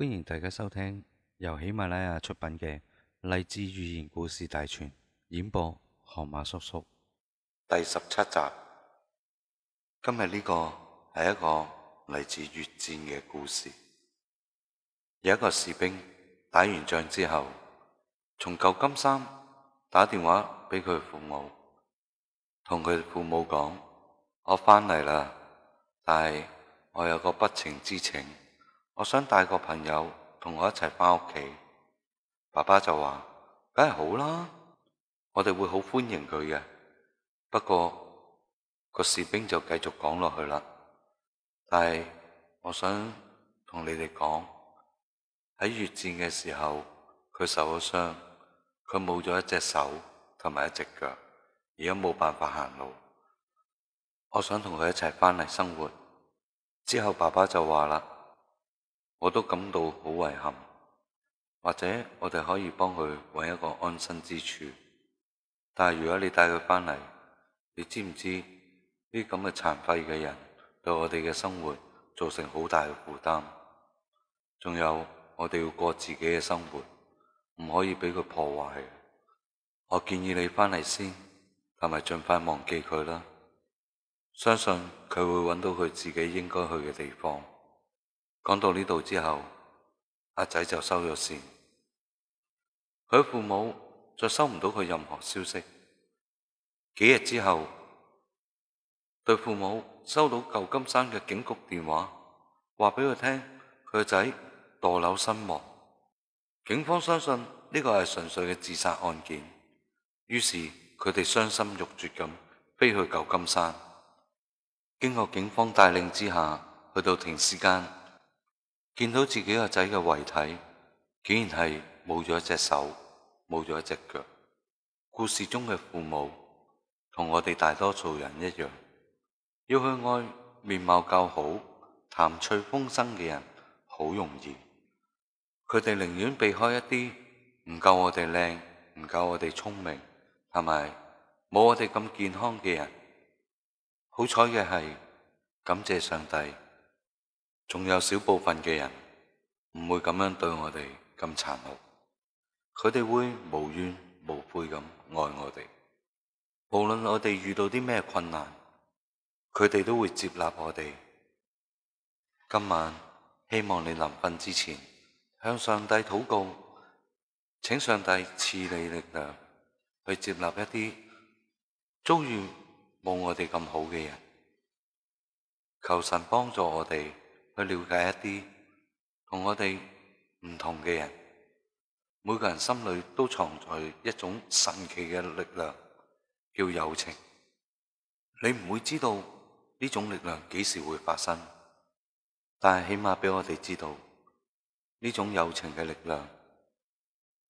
歡迎大家收聽由喜馬拉雅出品嘅《勵志寓言故事大全》，演播河馬叔叔，第十七集。今日呢個係一個嚟自越戰嘅故事。有一個士兵打完仗之後，從舊金山打電話俾佢父母，同佢父母講：我翻嚟啦，但係我有個不情之請。我想帶個朋友同我一齊翻屋企，爸爸就話：梗係好啦，我哋會好歡迎佢嘅。不過個士兵就繼續講落去啦。但係我想同你哋講，喺越戰嘅時候，佢受咗傷，佢冇咗一隻手同埋一隻腳，而家冇辦法行路。我想同佢一齊翻嚟生活。之後爸爸就話啦。我都感到好遺憾，或者我哋可以幫佢揾一個安身之處。但係如果你帶佢翻嚟，你知唔知呢啲咁嘅殘廢嘅人對我哋嘅生活造成好大嘅負擔？仲有我哋要過自己嘅生活，唔可以俾佢破壞。我建議你翻嚟先，同埋盡快忘記佢啦。相信佢會揾到佢自己應該去嘅地方。講到呢度之後，阿仔就收咗線，佢父母再收唔到佢任何消息。幾日之後，對父母收到舊金山嘅警局電話，話俾佢聽佢個仔墮樓身亡，警方相信呢個係純粹嘅自殺案件。於是佢哋傷心欲絕咁飛去舊金山，經過警方帶領之下去到停屍間。見到自己個仔嘅遺體，竟然係冇咗一隻手，冇咗一隻腳。故事中嘅父母同我哋大多數人一樣，要去愛面貌夠好，談趣風生嘅人，好容易。佢哋寧願避開一啲唔夠我哋靚、唔夠我哋聰明、係咪冇我哋咁健康嘅人。好彩嘅係，感謝上帝，仲有小部分嘅人。唔會咁樣對我哋咁殘酷，佢哋會無怨無悔咁愛我哋。無論我哋遇到啲咩困難，佢哋都會接納我哋。今晚希望你臨瞓之前向上帝禱告，請上帝賜你力量去接納一啲遭遇冇我哋咁好嘅人。求神幫助我哋去了解一啲。我同我哋唔同嘅人，每個人心裏都藏在一種神奇嘅力量，叫友情。你唔會知道呢種力量幾時會發生，但係起碼畀我哋知道呢種友情嘅力量，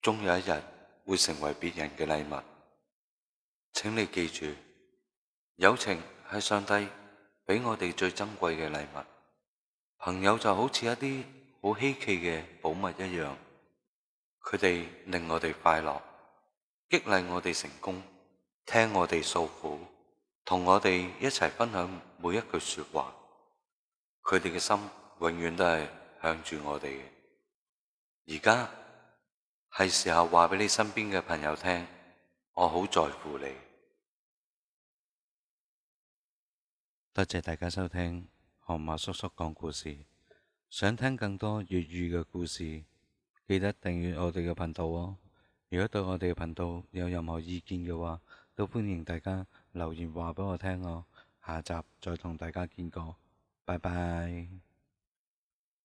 終有一日會成為別人嘅禮物。請你記住，友情係上帝畀我哋最珍貴嘅禮物。朋友就好似一啲。好稀奇嘅寶物一樣，佢哋令我哋快樂，激勵我哋成功，聽我哋訴苦，同我哋一齊分享每一句說話。佢哋嘅心永遠都係向住我哋嘅。而家係時候話俾你身邊嘅朋友聽，我好在乎你。多謝大家收聽，河馬叔叔講故事。想聽更多粵語嘅故事，記得訂閱我哋嘅頻道哦。如果對我哋嘅頻道有任何意見嘅話，都歡迎大家留言話畀我聽哦。下集再同大家見過，拜拜。